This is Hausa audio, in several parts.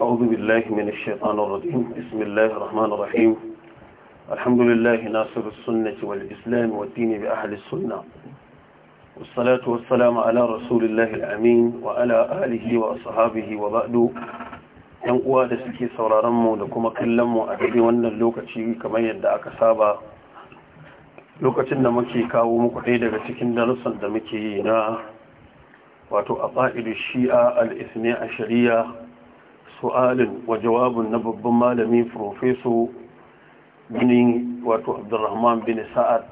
أعوذ بالله من الشيطان الرجيم بسم الله الرحمن الرحيم الحمد لله ناصر السنة والإسلام والدين بأهل السنة والصلاة والسلام على رسول الله الأمين وعلى آله وأصحابه وبعد ‘yan uwa da suke sauraronmu da kuma kallonmu a daidai wannan lokaci kamar yadda aka saba lokacin da muke kawo muku ɗaya daga cikin darussan da muke yi na wato a fa'idu shi'a al'isne a shari'a su'alin wa jawabin na babban malami profeso Binin wato abdurrahman bin sa'ad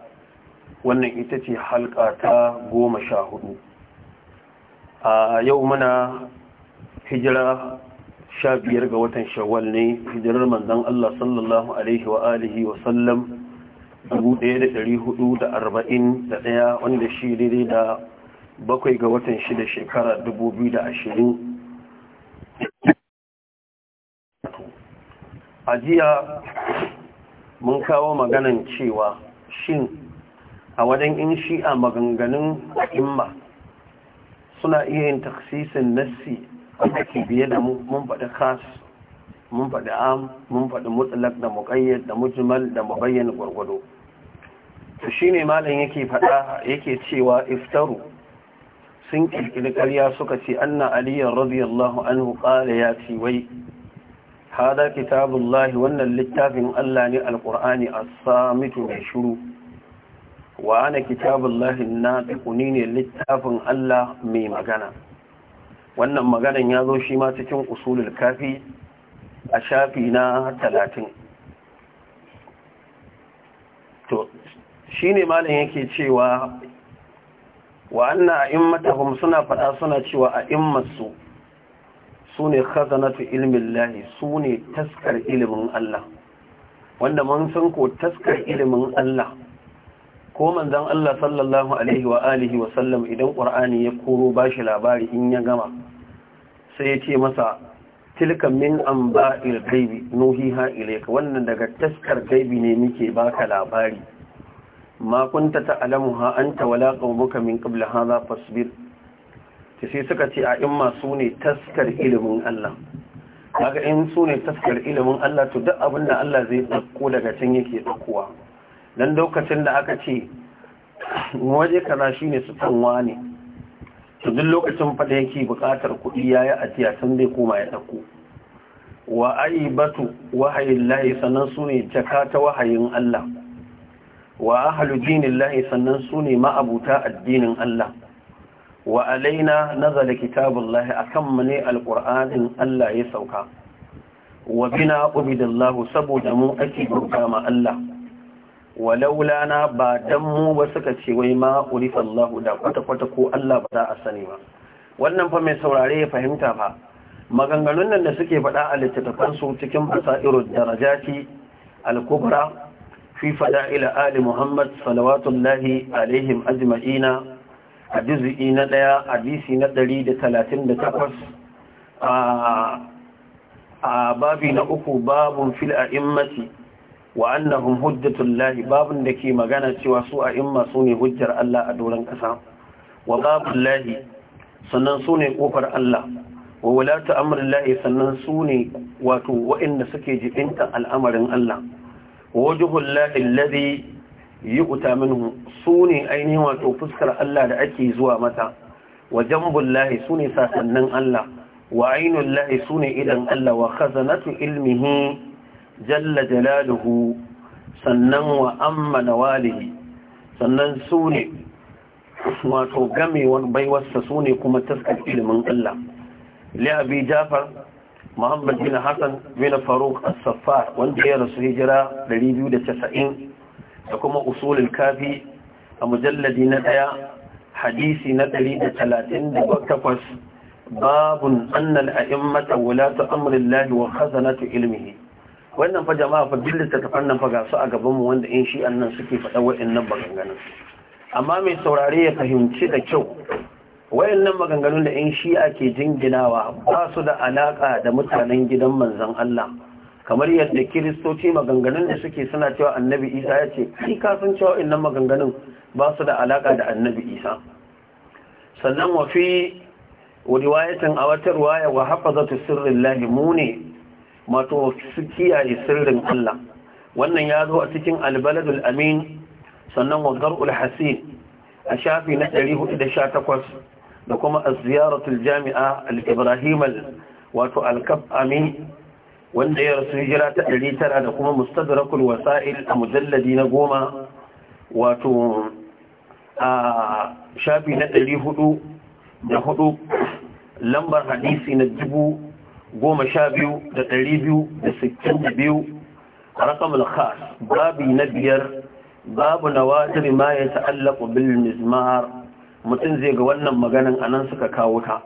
wannan ita ce halka ta goma sha hudu a yau mana hijira sha biyar ga watan shawal ne hijirar manzan Allah sallallahu alaihi wa alihi wa sallam 1441 wanda shi daidai da bakwai ga watan shida shekara dubu biyu da ashirin a jiya mun kawo maganan cewa shin a wajen in shi'a maganganun imma suna iya yin taksisin nassi a ke biye da mun faɗi kas mun faɗi am mun faɗi mutsalak da muƙayyar da mujimal, da mabayyana gwargwado shi ne malam yake faɗa yake cewa iftaru sun kirkiri ƙarya suka ce anna aliyar radiyallahu anhu ƙala ya ce wai hada kitabullahi wannan littafin Allah ne alƙur'ani a samitu mai shuru wa ana kitabullahi na tukuni ne littafin Allah mai magana wannan maganan ya zo shi ma cikin usulul kafi a shafi na talatin to shi ne malin yake cewa wa anna a'immatuhum suna faɗa suna cewa a'immatsu sune khazanatu ilmin lahi sune taskar ilimin Allah wanda mun san ko taskar ilimin Allah ko manzon Allah sallallahu alaihi wa alihi wa sallam idan qur'ani ya koro bashi labari in ya gama sai ya ce masa tilka min anba'il ghaibi nuhiha ilayka wannan daga taskar gaibi ne muke baka labari ma kunta ta'lamuha anta wala qaumuka min qabl hadha fasbir sai suka ce a in ma ne taskar ilimin Allah kaga in ne taskar ilimin Allah to duk abinda Allah zai dauko daga can yake daukowa dan lokacin da aka ce waje kaza shine su tsanwa ne to duk lokacin fada yake bukatar kuɗi yayi ajiya san zai koma ya dauko wa aibatu wahayin lahi sannan su ne jaka ta wahayin Allah wa ahlu dinillahi sannan su ne ma'abuta addinin Allah wa alaina nazala kitabullahi akan mu ne alqur'anin Allah ya sauka wa bina ubidallahu saboda mu ake bauta ma Allah walaula na ba dan mu ba suka ce wai ma Lahu da kwata kwata ko Allah ba za a sani ba wannan fa mai saurare ya fahimta fa maganganun nan da suke faɗa a littattafan su cikin irin darajati al-kubra في فضائل آل محمد صلوات الله عليهم أجمعين الجزء ندى حديث ندري دثلاثين دتقص بابي نأكو باب في الأئمة وأنهم هجة الله باب دكي مغانا سوى سوء سوني هجر الله أدولا كسا وباب الله سنن سوني ne الله Allah wa الله سنن سوني واتو su سكي wato waɗanda الله wajhul lahi alladhi yu'ta Su sune ainihin wato fuskar Allah da ake zuwa mata wa jambul lahi sune sasannin Allah wa ainul lahi sune idan Allah wa khazanatu ilmihi jalla jalaluhu sannan wa amma nawalihi sannan ne wato gamewan baiwarsa sune kuma taskar ilimin Allah li jafar muhammad bin hassan bin faruk as-saffar wanda ya rasu hijira 290 da kuma usulul kafi a mujalladi na daya hadisi na 138 babun annal a'immata wulatu amrillahi wa khazanatu ilmihi wannan fa jama'a fa billata ta fannan fa gasu a gaban mu wanda in shi annan suke faɗa wa'annan maganganun amma mai saurare ya fahimci da kyau wayannan maganganun da yan shi'a ke jinginawa ba su da alaka da mutanen gidan manzan Allah kamar yadda kiristoci maganganun da suke suna cewa annabi isa ya ce shi kasan cewa innan maganganun ba su da alaka da annabi isa sannan wafi wadiwayatan a wata ya wa ta sirrin lahi ne mato su kiyaye sirrin Allah wannan ya zo a cikin albaladul amin sannan wa zar'ul hasin a shafi na 418 da kuma a ziyaratul jami'a al-ibrahim wato al-kab'ami wanda ya rasu hijira ta 900 da kuma mustadrakul wasa'il a mujalladi na goma wato a shafi na 400 da lambar hadisi na dubu goma sha biyu da ɗari biyu da da biyu a rakamul khas babi na biyar babu na ta rima ya ta'allaku bil mizmar mutum zai ga wannan maganan anan suka kawo ta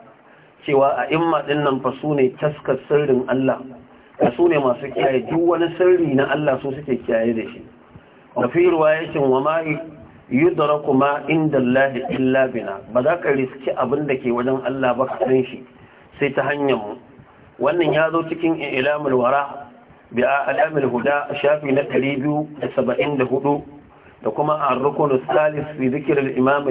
cewa a imma dinnan fa su ne taskar sirrin Allah da su ne masu kiyaye duk wani sirri na Allah su suke kiyaye da shi da fi ruwayatin wa ma yudraku ma inda Allah illa bina ba za ka riski abin da ke wajen Allah ba ka san shi sai ta hanyar mu wannan ya zo cikin ilamul wara bi alamul huda shafi na 274 da kuma a rukun salis fi zikr al-imam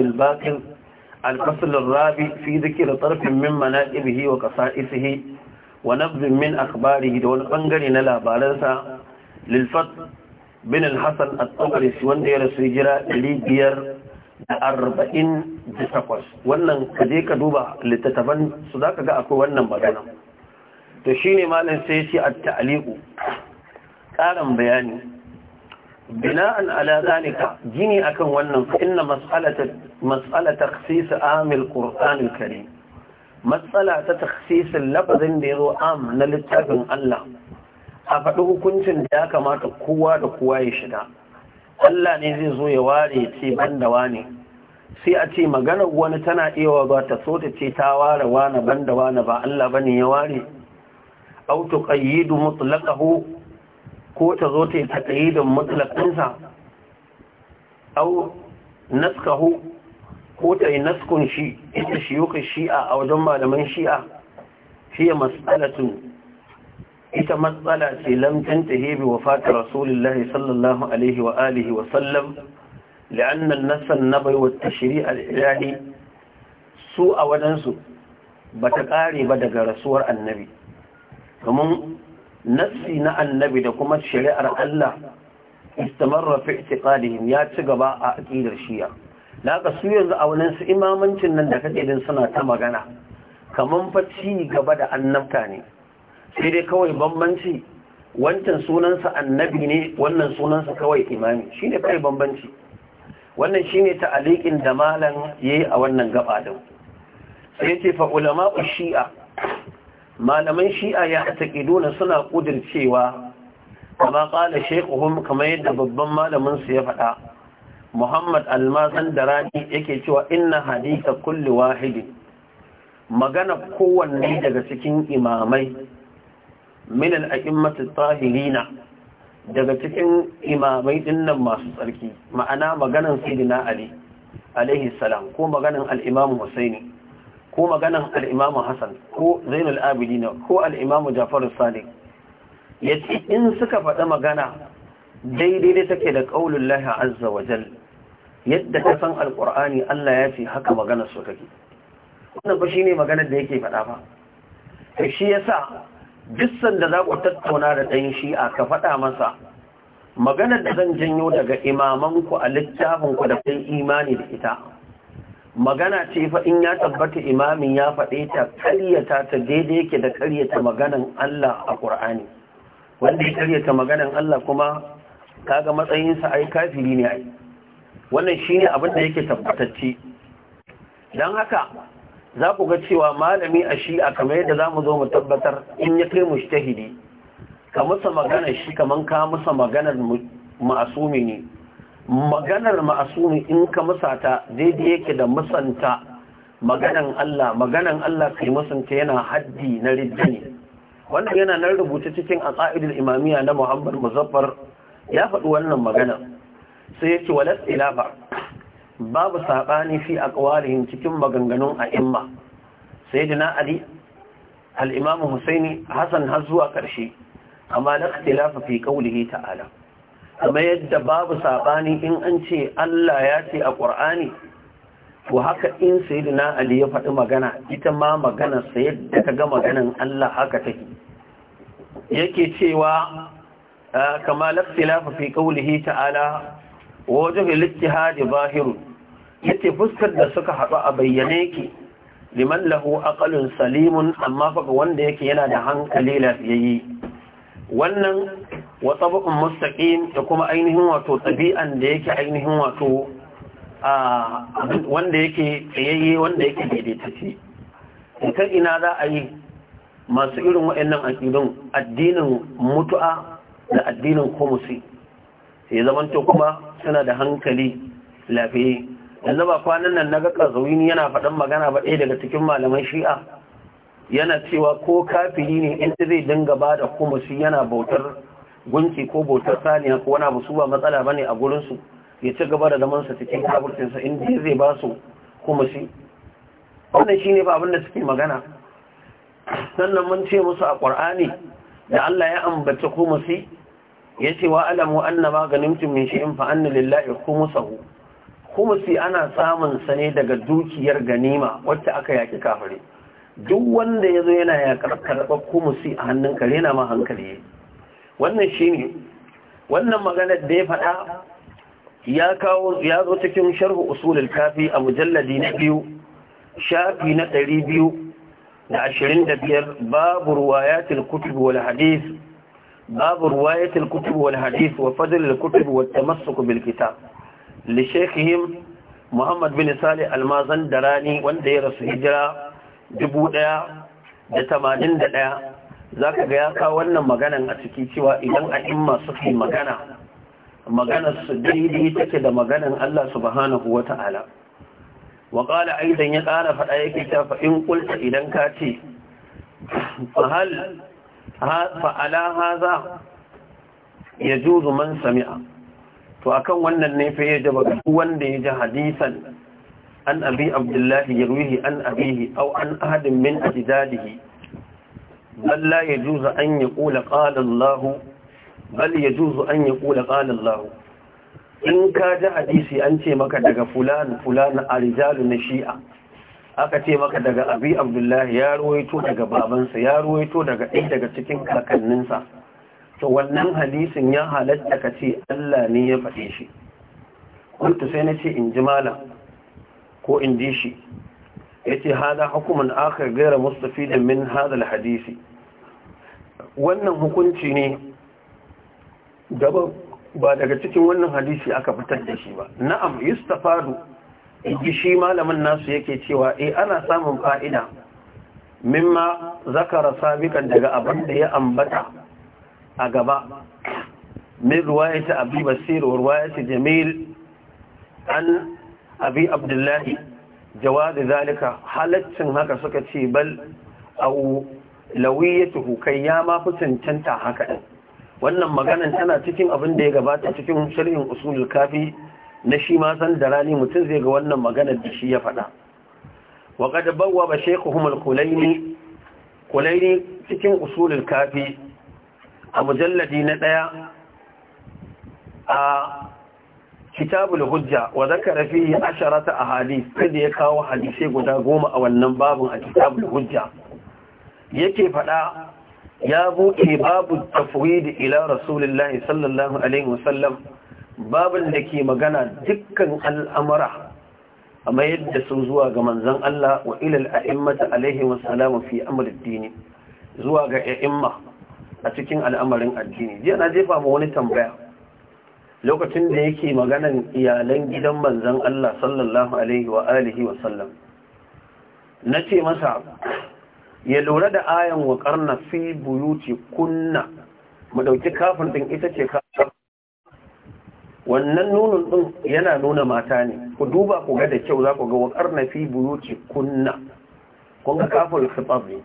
الفصل الرابع في ذكر طرف من مناقبه وقصائصه ونبذ من أخباره دون بنغرنا لا بارنسا للفت بن الحسن الطبرس وان يرسو جرا ليبير arba'in da takwas wannan ka je ka duba littattafan su za ka ga akwai wannan magana to shine malam malin sai ce a ta'aliku ƙarin bayani bina'an ala zalika gini akan wannan inna matsala mas'ala takhsis amil qur'an kare. matsala ta takhsis lafazin da ya zo am na littafin Allah a faɗi hukuncin da ya kamata kowa da kowa ya shiga Allah ne zai zo ya ware ce banda wani sai a ce maganar wani tana iya ba ta so ta ce ta ware wani banda wani ba Allah bane ya ware auto qayyidu mutlaqahu ko ta zo ta yi da mutlaƙinsa au naskahu ko ta yi naskun shi ita shiyuka shi'a a wajen malaman shi'a fiye matsalatun ita matsala ce lamtan ta hebe wa fata rasulullahi sallallahu alaihi wa alihi wa sallam la'annan nasan na bai wata shari'ar ilahi su a wadansu ba ta ƙare ba daga rasuwar annabi domin nassi na annabi da kuma shari'ar Allah istamarra fi i'tiqadihim ya ci gaba a aqidar shi'a laka su yanzu a wannan su imamancin nan da kake din suna ta magana kaman fa ci gaba da annabta ne sai dai kawai bambanci wancan sunansa annabi ne wannan sunansa kawai imami shine kai bambanci wannan shine aliqin da malam yayi a wannan gaba din sai ce fa ulama'u shi'a malaman shi'a ya taƙiduna suna ƙudircewa kama ƙala shekuhun kamar yadda babban malamin su ya faɗa muhammad almasan da rani yake cewa inna hadita kulle wahidi magana kowanne daga cikin imamai min al'a'immatu tahirina daga cikin imamai dinnan masu tsarki ma'ana maganan sayyidina ali alaihi salam ko maganan al-imam husaini ko maganan al'imamu hassan ko zainul abidina ko al'imamu jafaru sadiq ya ce in suka faɗi magana daidai da take da ƙaunin laha azza wa yadda ka san alƙur'ani allah ya ce haka magana so kake. wannan ba shi ne maganar da yake faɗa ba da shi ya sa bisan da za ku tattauna da ɗan shi'a ka faɗa masa maganar da zan janyo daga imamanku a littafinku da kai imani da ita magana ce fa in ya tabbata imamin ya faɗe ta karyata ta daidai yake da karyata maganan Allah a Qur'ani wanda ya karyata maganan Allah kuma kaga matsayinsa ai kafiri ne ai wannan shine abin da yake tabbatacce dan haka za ku ga cewa malami a shi'a kamar yadda za mu zo mu tabbatar in ya kai mushtahidi ka musa magana shi kamar ka musa maganar ma'asumi ne maganar ma'asumi in ka musata daidai yake da musanta maganan Allah maganan Allah kai musanta yana haddi na ridda ne wannan yana nan rubuta cikin aqaidul imamiya na Muhammad Muzaffar ya faɗi wannan magana sai yace walas ilaba babu sabani fi aqwalihim cikin maganganun a'imma sayyidina Ali al-Imam Husaini Hassan har zuwa ƙarshe amma la ikhtilafa fi qawlihi ta'ala kamar yadda babu saɓani in an ce Allah ya ce a ƙwar'ani ko haka in na Ali ya faɗi magana ita ma magana sa yadda ka ga maganan Allah haka take yake cewa ah, kama laftilafa fi qawlihi ta'ala wajhu al-ittihad zahir ce fuskar da suka haɗu a bayyane yake liman lahu aƙalin salimun amma faga wanda yake yana da hankali lafiyayye wannan wa tabaqun mustaƙin da kuma ainihin wato ɗabi'an da yake ainihin wato wanda yake tsayayye wanda yake daidaitacce ita ina za a yi masu irin waɗannan aƙidun addinin mutu'a da addinin kumusi sai zamanto kuma suna da hankali lafiye yanzu ba kwanan nan na ga ƙazawini yana faɗin magana ba ɗaya daga cikin malaman shi'a yana cewa ko kafiri ne in zai dinga ba da kumusi yana bautar gunki ko bautar saniya ko wani abu su ba matsala ne a gurinsu ya ci gaba da zamansa cikin kaburcinsa in zai ba su shi wannan shi ne ba abinda suke magana sannan mun ce musu a ƙwar'ani da Allah ya ambaci shi ya ce wa alamu anna maganin ganimtum min fa anna lillahi khumsahu ana samun sa ne daga dukiyar ganima wacce aka yaki kafare duk wanda ya zo yana ya karɓa kumusi a hannun kare yana ma hankali wannan shi ne wannan maganar da ya faɗa ya kawo ya zo cikin sharhu usulul kafi a mujalladi na biyu shafi na ɗari biyu da ashirin da biyar babu ruwayatul kutub wal hadith babu ruwayatul kutub wal hadith wa fadlul kutub wa tamassuk bil kitab li shaykhihim Muhammad bin Salih Almazan rani, wanda ya rasu hijira dubu ɗaya da tamanin da ɗaya za ka ga ya kawo wannan maganan a ciki cewa idan a imma suka yi magana maganar su daidai take da maganan Allah subhanahu wa ta'ala wa aidan ya ƙara faɗa yake ta fa in idan ka ce fa hal fa ala hadha man sami'a to akan wannan ne fa yaji ba wanda ya ji hadisan an abi abdullahi yarwihi an abihi au an ahadin min ajdadihi bal la yajuzu an yaqula qala Allah bal yajuzu an yaqula qala Allah in ka ji hadisi an ce maka daga fulan fulan arijalu na shi'a aka ce maka daga abi abdullahi ya ruwaito daga babansa ya ruwaito daga ɗaya daga cikin kakanninsa to wannan hadisin ya halatta ka ce Allah ne ya faɗe shi kuntu sai na ce in ji malam ko in ji shi ya ce hada hukumin aka gaira mustafi da min hadal hadisi wannan hukunci ne ba daga cikin wannan hadisi aka fitar da shi ba na'am yustafadu ji shi malamin nasu yake cewa E, ana samun fa'ida mimma zakara sabikan daga abin da ya ambata a gaba min ruwayata abi basir wa ruwayata jamil an abi abdullahi jawadi zalika halaccin haka suka ce bal au lawiyatuhu kai ya ma fi cancanta haka din wannan maganan tana cikin abin da ya gabata cikin shirin usulul kafi na shi ma san da rani mutum zai ga wannan maganar da shi ya faɗa wa qad ba shaykhuhum al-kulaini kulaini cikin usulul kafi a mujalladi na ɗaya a kitabul hujja wa zakara fihi asharata ahadith kada ya kawo hadisi guda goma a wannan babun a kitabul hujja yake fada ya buke babu tafwid ila rasulullahi sallallahu alaihi wasallam babun da ke magana dukkan al'amara amma yadda sun zuwa ga manzon Allah wa ila al'immata alaihi wasallam fi amri dini zuwa ga a'imma a cikin al'amarin addini jiya na jefa mu wani tambaya lokacin da yake maganan iyalan gidan manzan Allah sallallahu alaihi wa’alihi wa sallam ce masa ya lura da ayan wa na fi buyuci kunna mu ɗauki kafin ɗin ita ce kafin wannan nunun ɗin yana nuna mata ne ku duba ku ga da kyau za ku ga wa na fi buyuci kunna kun ga kafin su ne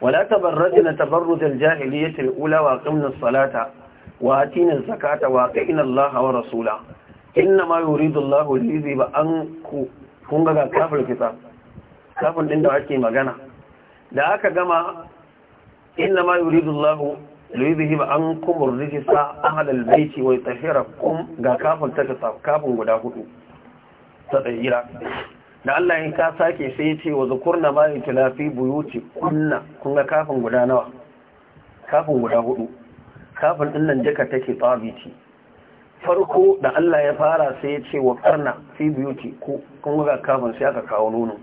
wala tabarrajna tabarrujal jahiliyyati al-ula wa ƙimnin salata واتين الزكاة واقعنا الله ورسوله إنما يريد الله الذي بأنكو كنغا كافر كتاب كافر عند عكي مغانا لأكا جمع إنما يريد الله الذي بأنكم الرجس أهل البيت ويطهركم كافر تكتاب كافر وداهو تطهيرا da Allah in ka sake sai ce wa zukurna ma yutlafi buyuci kunna kun ga kafin guda nawa kafin guda hudu kafin ɗin nan duka take tsabiti farko da Allah ya fara sai ya ce wa karna fi biyuti ko kun ga kafin sai aka kawo nono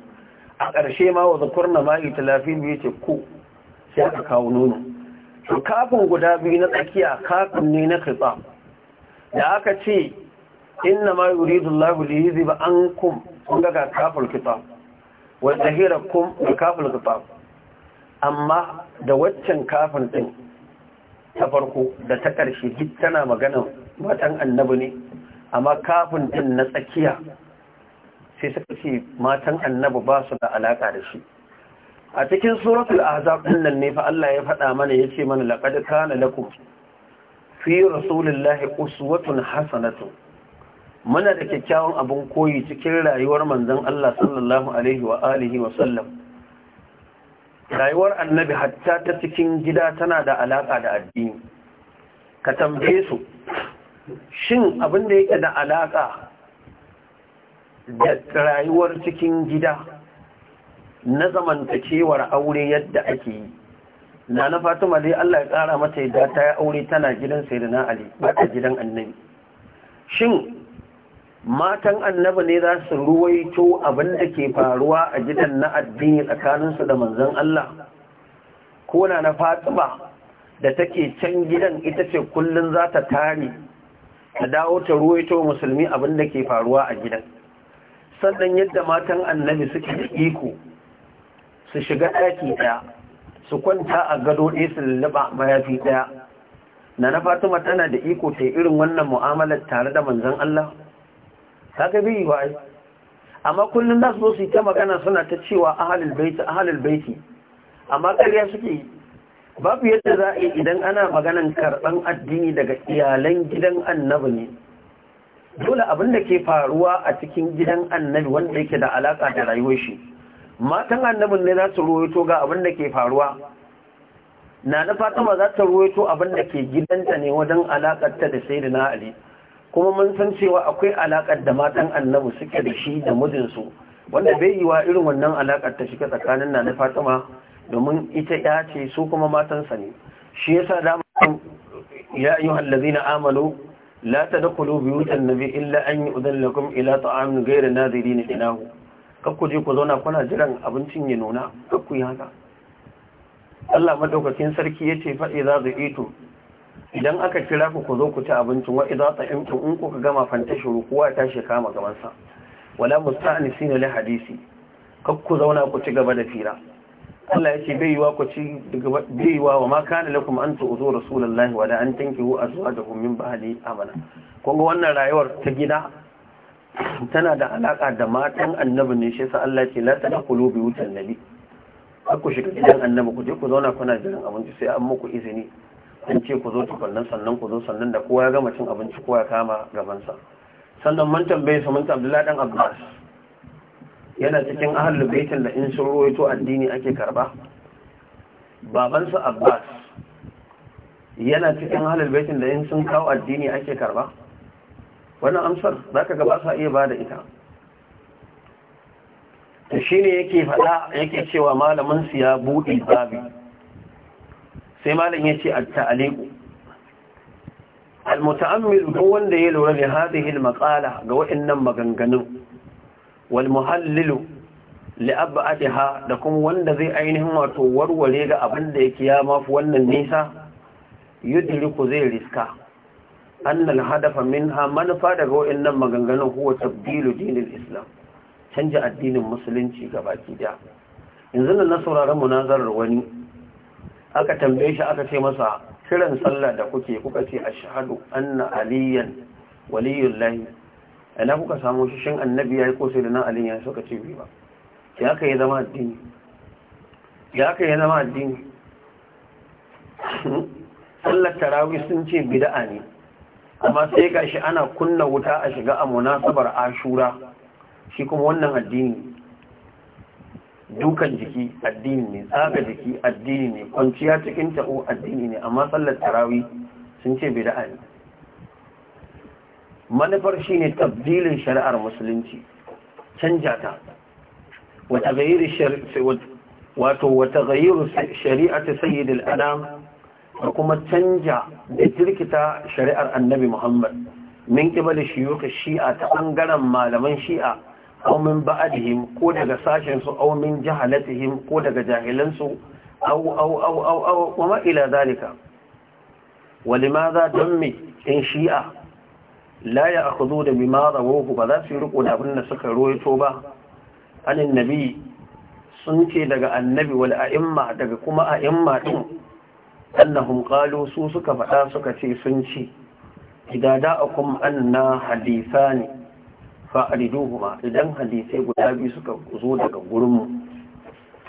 a ƙarshe ma wa zakurna ma itila fi biyuti ko sai aka kawo nono to kafin guda biyu na tsakiya kafin ne na kitsa da aka ce inna ma yuridu Allah li yuziba ankum kun ga kafin kitsa wa tahirakum kafin kitsa amma da waccan kafin din ta farko da ta ƙarshe duk tana magana matan annabi ne amma kafin din na tsakiya sai suka ce matan annabi ba su da alaƙa da shi a cikin suratul ahzab din nan ne fa Allah ya faɗa mana yace mana laqad kana lakum fi rasulillahi uswatun Hassanatu. muna da kyakkyawan abin koyi cikin rayuwar manzon Allah sallallahu alaihi wa alihi wa sallam rayuwar annabi hatta ta cikin gida tana da alaƙa da addini ka tambaye su shin abin da yake da alaƙa da rayuwar cikin gida na zamantakewar aure yadda ake yi na na fatima dai Allah ya ƙara mata yadda ta yi aure tana gidan sai da na ali ba ta gidan annabi shin matan annabi ne za su ruwaito abin da ke faruwa a gidan na addini tsakaninsu da manzon Allah ko na na fatima da take can gidan ita ce kullum za ta tare ta dawo ta ruwaito musulmi abin da ke faruwa a gidan sannan yadda matan annabi suke da iko su shiga ɗaki ɗaya su kwanta a gado ɗaya su lullaba mayafi ɗaya na na fatima tana da iko ta irin wannan mu'amalar tare da manzon Allah kaga bi ba amma kullun da su yi ta magana suna ta cewa ahlul bait ahlul baiti amma ƙarya suke babu yadda za a yi idan ana maganan karɓan addini daga iyalan gidan annabi ne dole abin da ke faruwa a cikin gidan annabi wanda yake da alaƙa da rayuwar shi matan annabin ne za su ruwaito ga abin da ke faruwa na na fatima za ta ruwaito abin da ke gidanta ne wajen alakarta da sai da na ali kuma mun san cewa akwai alaƙar da matan Annabu suke da shi da mudinsu wanda bai yi wa irin wannan alaƙar ta shiga tsakanin na na fatima domin ita ya ce su kuma matansa ne shi yasa dama ya yi hallazi na amalo la ta da kulu biyu nabi illa an yi udan lakum ila ta'amin gaira naziri na inahu kakku je ku zauna kuna jiran abincin ya nuna kakku yi haka Allah madaukakin sarki ya ce faɗi za su ito idan aka kira ku ku zo ku ci abincin wa idza ta'imtum in kuka gama fanta fantashiru kuwa ta shi kama gaban sa wala musta'nisin li hadisi kak ku zauna ku ci gaba da fira Allah ya ce bai yiwa ku ci bai yiwa wa ma kana lakum an tu'zu rasulullahi wala an tankihu azwajakum min ba'di amana kun wannan rayuwar ta gida tana da alaka da matan annabi ne shi sa Allah ce la tadkhulu bi wutan nabi ku shiga gidan annabi ku je ku zauna kuna jiran abinci sai an muku izini an ce ku zo tukunnan sannan ku zo sannan da kowa ya gama cin abinci kowa ya kama gabansa sannan mun tambaye su mun abdullahi ladan abbas yana cikin ahlul baitin da in sun ruwaito addini ake karba babansa abbas yana cikin ahlul baitin da in sun kawo addini ake karba wannan amsar zaka ga ba sa iya bada ita to shine yake fada yake cewa malamin su ya bude babi sai malam yace at-ta'liqu al-muta'ammil duk wanda ya lura da hadhihi al-maqala ga waɗannan maganganun wal muhallilu li ab'adaha da kuma wanda zai ainihin wato warware ga abin da yake ya mafi wannan nisa yudriku zai riska annal hadafa minha manufa daga waɗannan maganganun huwa tabdilu dinil islam canja addinin musulunci ga baki da yanzu na sauraron munazarar wani aka tambaye shi aka ce masa kiran sallah da kuke kuka ce ashhadu anna aliyan waliyullahi ana kuka samu shi shin annabi yayi ko sai da nan aliyan suka ce bi ba ya ka yi zama addini ya aka yi zama addini sallar tarawih sun ce bid'a ne amma sai gashi ana kunna wuta a shiga a munasabar ashura shi kuma wannan addini dukan jiki addini ne tsaga jiki addini ne kwanciya cikin ta'o addini ne amma tsallar tarawi sun ce bida'a ne manufar shi ne tabdilin shari'ar musulunci canja ta wata gayiru shari'a ta sayyidil adam da kuma canja da jirkita shari'ar annabi muhammad min shi yi shi'a ta ɓangaren malaman shi'a aumin min ba'dihim ko daga sashen su aw min jahalatihim ko daga jahilan su aw aw aw aw aw kuma ila zalika walimadha dammi in shi'a la ya zo da bima rawahu ba za su riko da abin da suka roito ba anin nabi sun ce daga annabi wal a'imma daga kuma a'imma din annahum qalu su suka faɗa suka ce sun ci idada akum anna hadithani fa'aliduhuma idan hadisai guda biyu suka zo daga gurinmu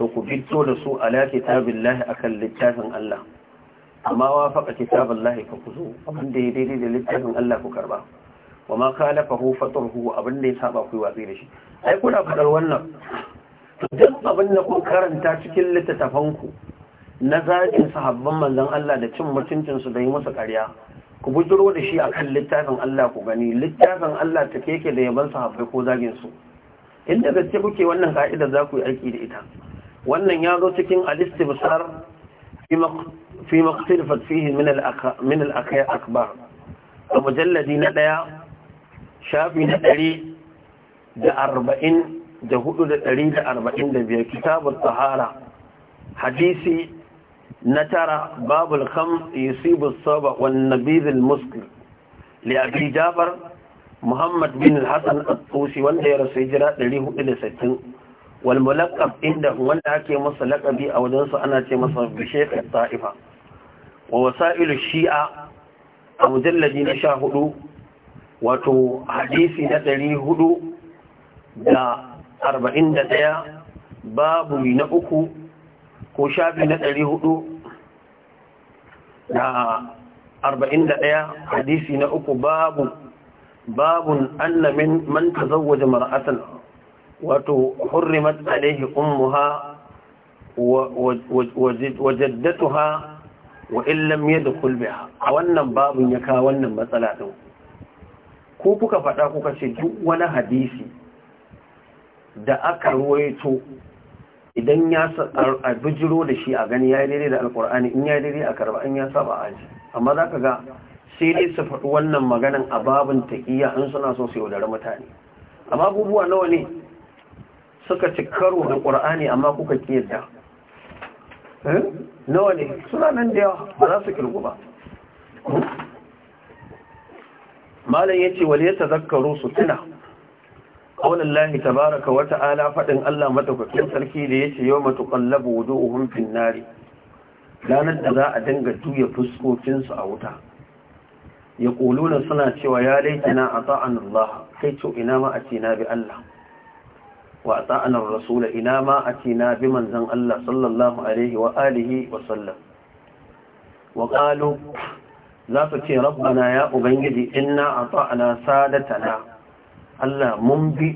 to ku fito da su ala kitabillahi akan littafin Allah amma wa faqa kitabillahi ka ku zo abinda ya daidai da littafin Allah ku karba wa ma khalafahu abin abinda ya saba ku watsi da shi ai kuna fadar wannan To duk abin da kun karanta cikin littattafanku na zakin sahabban manzon Allah da cin mutuncinsu su da yi masa ƙarya ku bujiro da shi akan littafin Allah ku gani littafin Allah ta keke da yaban sahabbai ko zagin su inda gaske kuke wannan ka'ida za ku yi aiki da ita wannan ya zo cikin al-istibsar fi maqtilfat fihi min min al akbar a mujalladi na daya shafi na ɗari da arba'in da hudu da ɗari da arba'in da biyar kitabun tahara hadisi na tara babul kham yusibu saba wani nabidh al muslim li abi jafar muhammad bin al hasan at-tusi wanda ya rasu hijira 460 wal mulaqab inda wanda ake masa lakabi a wajensu ana ce masa shaykh at-ta'ifa wa wasa'il shia a mujalladi na sha hudu wato hadisi na 400 da 41 babu na uku ko shafi na ɗari hudu da arba'in da ɗaya hadisi na uku babu babun annamin man tazawwaja mar'atan wato hurrimat alaihi ummuha wa jaddatuha wa illam yadkhul biha a wannan babun ya kawo wannan matsala din ko kuka fada kuka ce duk wani hadisi da aka ruwaito idan ya a bijiro da shi a gani ya yi daidai da alkur'ani in ya yi daidai a karba an ya saba a ji amma za ka ga sai dai su faɗi wannan maganin a babin taƙiyya in suna so su yaudari mutane amma abubuwa nawa ne suka ci karo da alkur'ani amma kuka ƙiyarta eh? nawa ne suna nan da yawa ba za su kirgu ba malam ya ce wale ya tazakkaru su tuna qaulan lahi tabaraka wa ta'ala fadin Allah madaukakin sarki da ya yace yawma tuqallabu wuduhum fin nari ranar da za a dinga juya fuskokinsu a wuta ya kuluna suna cewa ya a ata'an Allah kai to ina ma a na bi Allah wa ata'an rasul ina ma a na bi manzan Allah sallallahu alaihi wa alihi wa sallam wa qalu za su ce rabbana ya ubangiji inna ata'ana sadatana Allah mun bi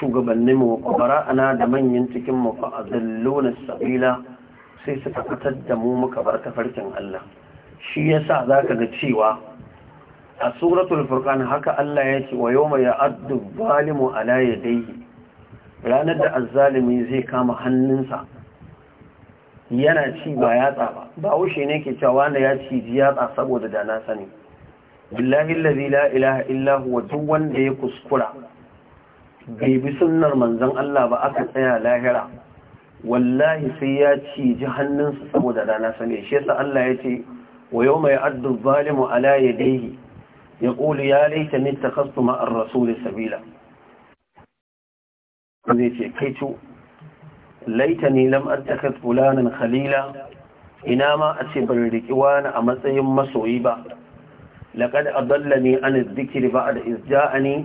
shugabannin mu a na da manyan cikin mu fa na sabila sai suka fitar da mu muka bar farkin Allah shi yasa zaka ga cewa a suratul furqan haka Allah ya ce wa yawma ya'addu zalimu ala yadayhi ranar da azzalimi zai kama hannunsa yana ci ba yatsa ba ba wushe ne ke cewa na ya ci ji yatsa saboda da na sani billahi allazi la ilaha illa huwa duk wanda ya kuskura bai bi sunnar manzon Allah ba aka tsaya lahira wallahi sai ya ciji hannunsa saboda rana sane shi yasa Allah ya ce wa yawma ya'addu zalimu ala yadayhi yaqulu ya laitani ittakhadtu ma'a ar-rasul sabila zai ce kai Laita laitani lam attakhadh fulanan khalila ina ma a ce ban riki wani a matsayin masoyi ba لقد أضلني عن الذكر بعد إذ جاءني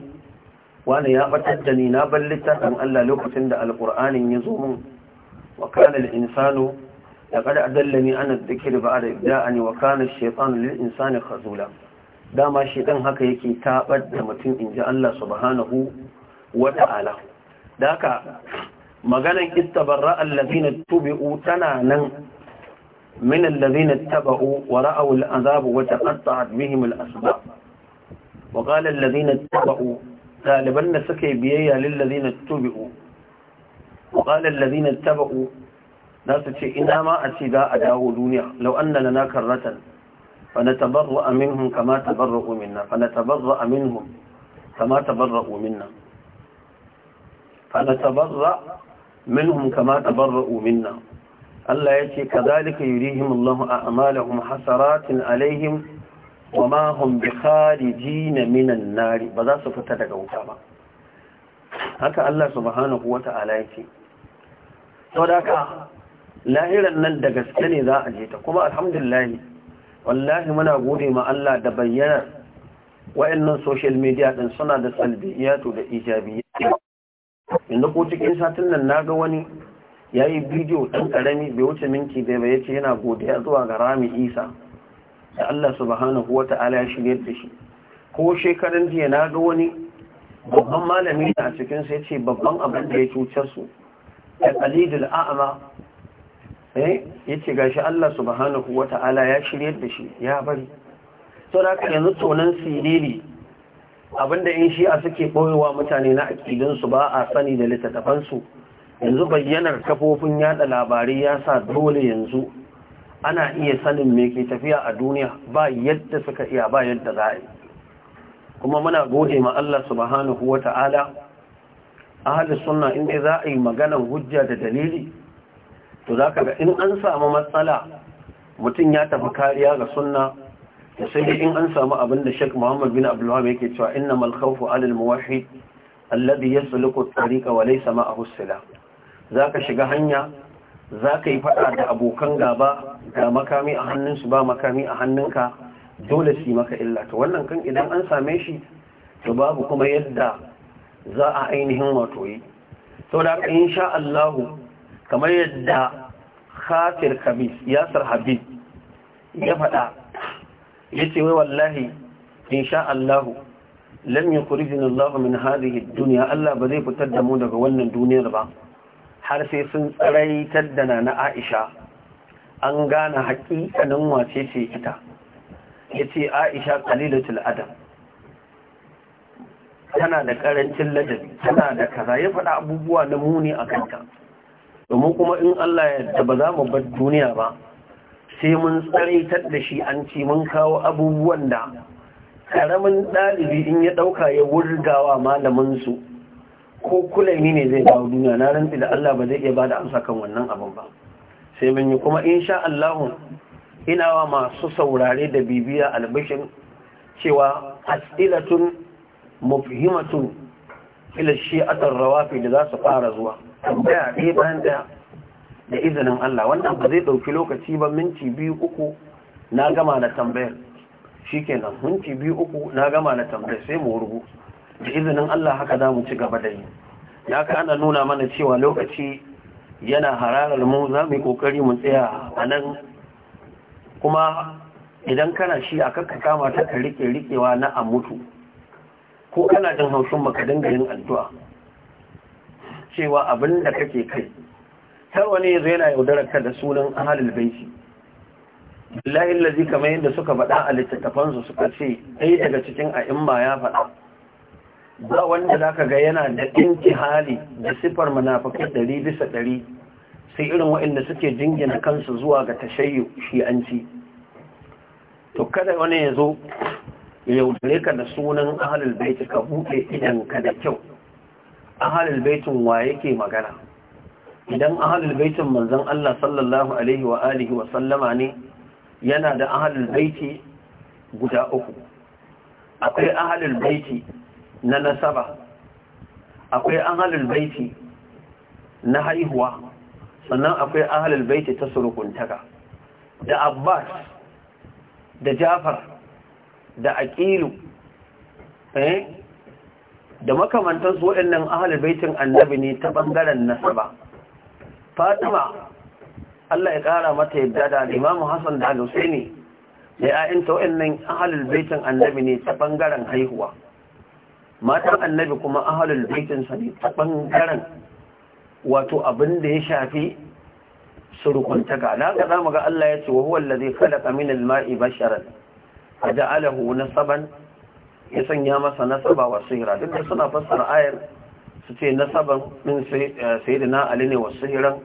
وأنا يا بتدني نابلتا أم ألا لك دا القرآن يزوم وكان الإنسان لقد أضلني عن الذكر بعد إذ جاءني وكان الشيطان للإنسان خزولا dama الشيطان هكا يكي تابد taɓar إن جاء الله سبحانه وتعالى subhanahu مغانا ta'ala. Da haka maganan istabarra من الذين اتبعوا ورأوا العذاب وتقطعت بهم الأسباب وقال الذين اتبعوا غالبا سكي بيي للذين اتبعوا وقال الذين اتبعوا ناس تشي إنما أتدا أداو دنيا لو أن لنا كرة فنتبرأ منهم كما تبرؤوا منا فنتبرأ منهم كما تبرؤوا منا فنتبرأ منهم كما تبرؤوا منا Allah ya ce kazalika yurihim Allahu a'malahum hasaratin alaihim wa ma hum bi na minan nari ba za su fita daga wuta ba haka Allah subhanahu wata'ala ya ce saboda lahiran nan da gaske ne za a je ta kuma alhamdulillahi wallahi muna gode ma Allah da bayyanar wayannan social media ɗin suna da to da ijabiyatu inda ko cikin satin nan na ga wani ya yi bidiyo ɗan ƙarami bai wuce minti da bai yace yana godiya zuwa ga rami isa da allah subhanahu wa ta'ala ya shigar da shi ko shekaran jiya na ga wani babban malami a cikin sai ce babban abin da ya cutar su eh, ya kalidul a'ama eh yace gashi allah subhanahu wa ta'ala ya shiryar da shi ya bari to da yanzu tonan sirili abinda in shi'a suke ɓoyewa mutane na akilinsu ba a sani da littattafansu yanzu bayyanar kafofin yada labarai ya sa dole yanzu ana iya sanin me ke tafiya a duniya ba yadda suka iya ba yadda za a yi kuma muna gode ma Allah subhanahu wa ta'ala ahli sunna in dai za a yi maganan hujja da dalili to za ka ga in an samu matsala mutum ya tafi kariya ga sunna da sai dai in an samu abin da Sheikh Muhammad bin Abdul Wahab yake cewa innamal khawfu 'ala al-muwahhid alladhi yasluku at-tariqa wa laysa ma'ahu as za ka shiga hanya za ka yi faɗa da abokan gaba ga makami a hannunsu ba makami a hannunka dole su yi maka illa Ka wannan kan idan an same shi to babu kuma yadda za a ainihin wato yi sau da aka insha Allahu kamar yadda khatir kabis yasar habib ya faɗa ya ce wai wallahi insha Allahu lam yukhrijina Allahu min hadihi duniya Allah ba zai fitar da mu daga wannan duniyar ba har sai sun tsaraitar da na aisha an gane haƙiƙanin wace ce ita ya ce aisha ƙalilatul adam tana da ƙarancin ladabi tana da kaza ya faɗa abubuwa na muni a kanta domin kuma in Allah yadda ba za mu bar duniya ba sai mun tsaraitar da shi an ci mun kawo abubuwan da ƙaramin ɗalibi in ya ɗauka ya wurgawa malaminsu ko kulami ne zai dawo duniya na rantsi da Allah ba zai iya da amsa kan wannan abin ba sai mun yi kuma insha Allah ina wa masu saurare da bibiya albishin cewa as'ilatun mufhimatun ila shi'atar rawafi da za su fara zuwa tambaya ɗaya bayan ɗaya da izinin Allah wannan ba zai ɗauki lokaci ba minti biyu uku na gama da tambayar shikenan minti biyu uku na gama da tambayar sai mu rubuta da izinin Allah haka za mu ci gaba da yi ya ka ana nuna mana cewa lokaci yana hararar mu za mu yi kokari mu tsaya a nan kuma idan kana shi a kakka kama ta ka rike rikewa na a mutu ko kana jin haushin maka dinga yin addu'a cewa abin da kake kai tarwa ne zai yana yaudarar ka da sunan ahalul baiti billahi allazi kamar yadda suka faɗa a littattafansu suka ce ɗaya daga cikin a'imma ya faɗa ba wanda za ka ga yana da ɗinki hali da siffar manafake ɗari bisa ɗari sai irin waɗanda suke jingina kansu zuwa ga tashayyu shi'anci to kada wani ya zo yaudare ka da sunan ahalul baiti ka buɗe idanka da kyau ahalul baitin wa yake magana idan ahalul baitin manzon Allah sallallahu alaihi wa alihi wa sallama ne yana da ahalul baiti guda uku akwai ahalul baiti na nasaba akwai ahalul baiti na haihuwa sannan akwai ahalul baiti ta surukuntaka da abbas da jafar da aqilu eh da makamantansu waɗannan ahalul baitin annabi ne ta bangaren nasaba fatima Allah ya ƙara mata yadda da imamu hassan da al-husaini da ya'yanta waɗannan ahalul baitin annabi ne ta bangaren haihuwa matan annabi kuma ahalul baitin ne ta bangaren wato abin da ya shafi surukuntaka da haka zamu ga Allah ya ce wa huwa allazi khalaqa min al-ma'i basharan faja'alahu nasaban ya sanya masa nasaba wa sihra duk da suna fassara ayar su ce nasaban min eh, sayyidina ali ne wa sihran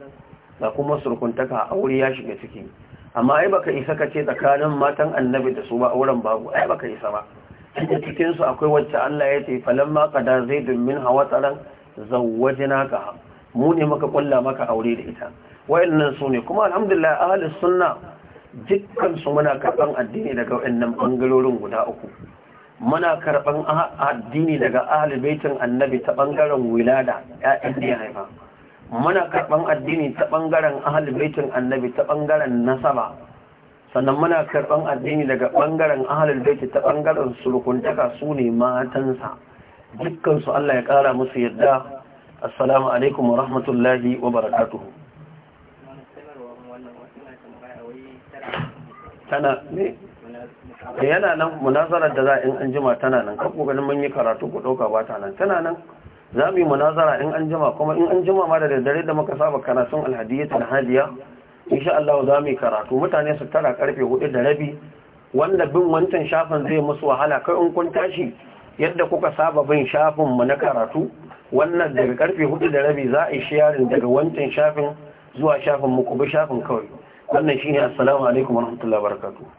da kuma surukuntaka aure ya shiga ciki amma ai baka isa ka ce tsakanin matan annabi da su ba auren babu ai baka isa ba cikin cikinsu akwai wacce Allah ya ce zai domin zaidun min zawaje naka mu ne maka kulla maka aure da ita wayannan su ne kuma alhamdulillah ahli sunna dukkan su muna karban addini daga wayannan bangarorin guda uku muna karban addini daga ahli baitin annabi ta bangaren wilada ya'yan da ya haifa muna karban addini ta bangaren ahli baitin annabi ta bangaren nasaba sannan muna karɓan addini daga ɓangaren ahalar baiti ta ɓangaren surukuntaka su ne matansa dukkansu Allah ya ƙara musu yadda assalamu alaikum wa rahmatullahi wa barakatuhu tana ne da yana nan munazarar da za in an jima tana nan kakko ganin mun yi karatu ku ɗauka ba ta nan tana nan za mu yi munazara in an jima kuma in an jima ma da daddare da muka saba karatun alhadiyyat alhadiya insha Allah za mu yi karatu mutane su tara karfe hudu da rabi wanda bin wancan shafin zai musu wahala kai in kun tashi yadda kuka saba bin shafin mu na karatu wannan daga karfe hudu da rabi za a yi sharing daga wancan shafin zuwa shafin mu ku bi shafin kawai wannan shine assalamu alaikum warahmatullahi wabarakatuh